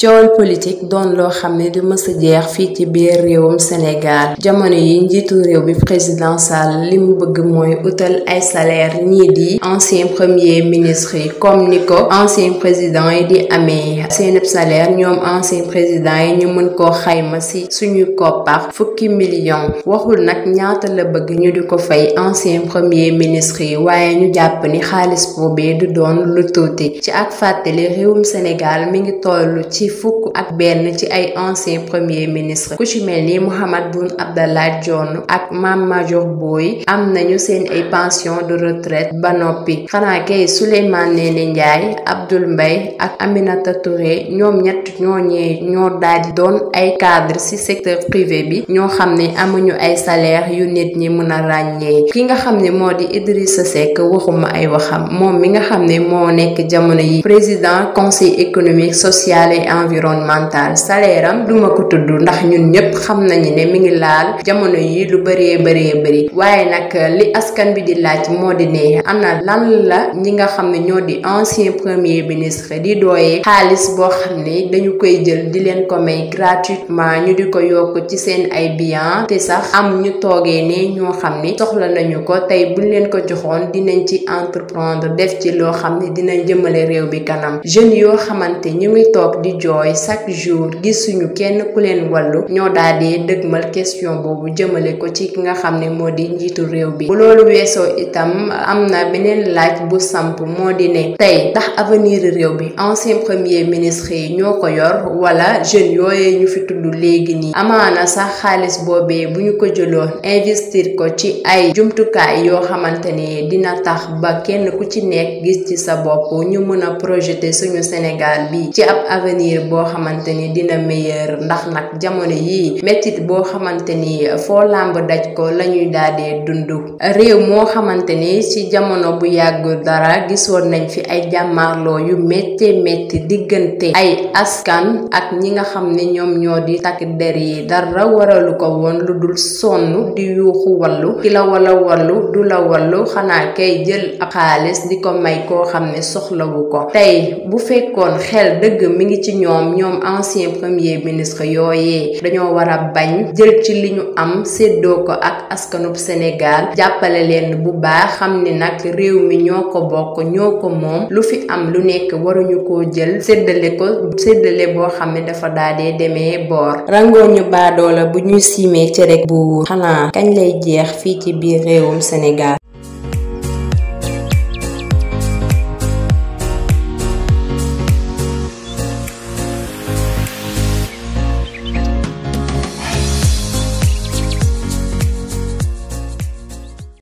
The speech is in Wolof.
coowal politique doon loo xam ne du mës a jeex fii ci biir réewum Sénégal jamono yi njiitu réew bi président Sall li mu bëgg mooy utal ay salaire ñii di ancien premier ministre yi comme ni ko ancien président yi di amee seen salaire ñoom ancien président yi ñu mën koo xayma si suñu koppar fukki million waxul nag ñaata la bëgg ñu di ko fay ancien premier ministres yi waaye ñu jàpp ni xaalis boobee du doon lu tuuti ci ak fàttali réewum Sénégal mi ci fukk ak benn ci ay ancien premier ministre ku ci mel ni Mohamed Boun Abdallah john ak Mame Madior Boye am nañu seen ay pension de retraite ba noppi xanaa kay Souleymane Ndéné Ndiaye Mbaye ak Aminata Touré ñoom ñett ñooñee ñoo daal doon ay cadre ci secteur privé bi ñoo xam ne amuñu ay salaire yu nit ñi mën a ràññee ki nga xam ne moo di Idrissa Seck waxuma ay waxam moom mi nga xam ne moo nekk jamono yi président conseil économique social et environnementale salaire am duma ko tudd ndax ñun ñëpp xam nañu ne mu ngi laal jamono yi lu bëree bëree bëri waaye nag li askan bi di laaj moo di ne anna lan la ñi nga xam ne ñoo di ancien premier ministre di dooyee xaalis boo xam ne dañu koy jël di leen ko may gratuitement ñu di ko yokk ci seen ay biens te sax am ñu toogee ne ñoo xam ne soxla nañu ko tey buñ leen ko joxoon dinañ ci entreprendre def ci loo xam ne dina jëmale réew bi kanam jooy chaque jour gisuñu kenn ku leen wallu ñoo daal di dëgmal question boobu jëmale ko ci ki nga xam ne moo di njiitu réew bi bu loolu weesoo itam am na beneen laaj bu samp moo di ne tey ndax avenir réew bi ancien premier ministre yi ñoo ko yor wala jeunes yooyee ñu fi tudd léegi nii amaana sax xaalis boobee bu ñu ko jëloon investir ko ci ay jumtukaay yoo xamante ne dina tax ba kenn ku ci nekk gis ci sa bopp ñu mën a projeter suñu Sénégal bi ci ab avenir avenir bo xamanteni dina meilleur ndax nak jamono yi mettit bo xamanteni fo lamb daj ko lañuy daadee dundu rew mo xamanteni ci jamono bu yàggul dara gisoon nañ fi ay jamarlo yu metti metti digënté ay askan ak ñi nga xamni ñom ñoo di tak der yi dara waralu ko won lu dul di yuxu wallu ki la wala wallu du la wallu xana kay jël di ko may soxlawu ko tay bu fekkon xel deug mi ngi ci ñoom ñoom ancien premier ministre yooyee dañoo war a bañ jël ci li ñu am séddoo ko ak askanub Sénégal jàppale leen bu baax xam ni nag réew mi ñoo ko bokk ñoo ko moom lu fi am lu nekk waruñu ko jël séddale ko séddale boo xam ne dafa daadee demee boor rangoon baadoola bu ñuy siimee cere bu xanaa kañ lay jeex fii ci biir réewum Sénégal